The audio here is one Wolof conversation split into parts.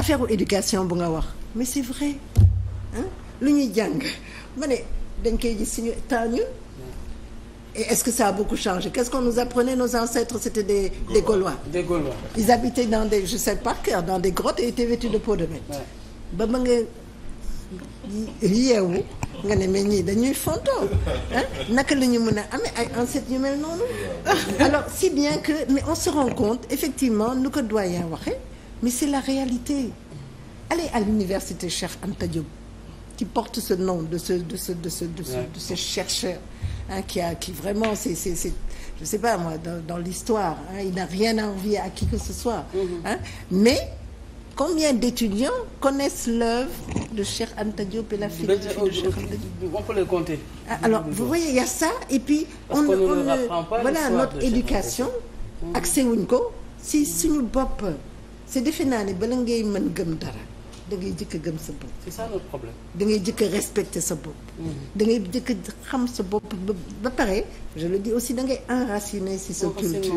affaire éducation bu nga wax mais c'est vrai lu ñuy jàng ma ne dañ koy gis suñu temps ñun et est-ce que ça a beaucoup changé qu'est-ce qu'on nous apprenait nos ancêtres c'était des des Gaulois. des Gaulois ils habitaient dans des je sais par cœur dans des grottes et étaient vêtus de peau de bête. ba ma nga yeewu nga ne mais ñii dañuy fontoo ah naka la ñu mën a amee ay ancêtres yu mel noonu alors si bien que mais on se rend compte effectivement nu ko doyen waxee. mais c'est la réalité allez à l'université Cheikh Anta Diop qui porte ce nom de ce de ce de ce de ce, de ce chercheur hein, qui a qui vraiment c'est c'est c'est je sais pas moi dans, dans l'histoire hein, il n'a rien à envier à qui que ce soit mm-hmm. hein, mais combien d'étudiants connaissent l'œuvre de Cheikh Anta Diop et la philosophie de Cheikh euh, Anta Diop on peut les compter ah, alors vous voyez il y a ça et puis Parce on, on, on ne, pas voilà notre éducation mm-hmm. accès wuñ ko si suñu bopp si defe naa ni bala ngay mën gëm dara da ngay jëkk a gëm sa bopp. c'est ça le da ngay jëkk a respecter sa bopp. Mm-hmm. da ngay jëkk a xam sa bopp ba ba pare je le dis aussi da ngay enraciner si sa culture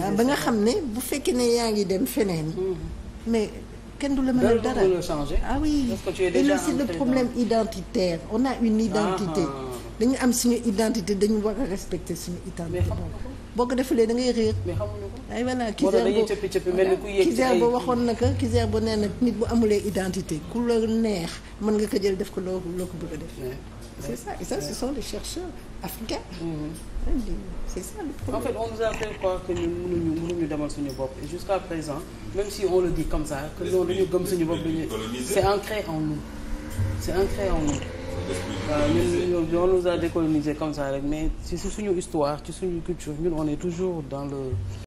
ah, ba nga xam ne bu fekkee ne yaa ngi dem feneen. Mm-hmm. mais kenn du la mën a dara ah oui. parce que tu es aussi le problème identitaire on a une identité. Ah. dañu am suñu identité dañu war a respecter suñu identité boo ko defalee da ngay réer ay voilà boo waxoon na ko Kizerbo nee na nit bu amulee identité ku la neex mën nga ko jël def ko loo ko bëgg a def c'est ça et ça ce sont les chercheurs africains mm-hmm. c'est ça le problème en fait on nous demal suñu bopp et jusqu'à présent même si on le dit comme ça que dañu gëm suñu bopp dañu c'est ancré en nous c'est ancré en nous waaw euh, ñun on nous a décolonisé comme ça rek mais ci suñu histoire ci suñu culture ñun on est toujours dans le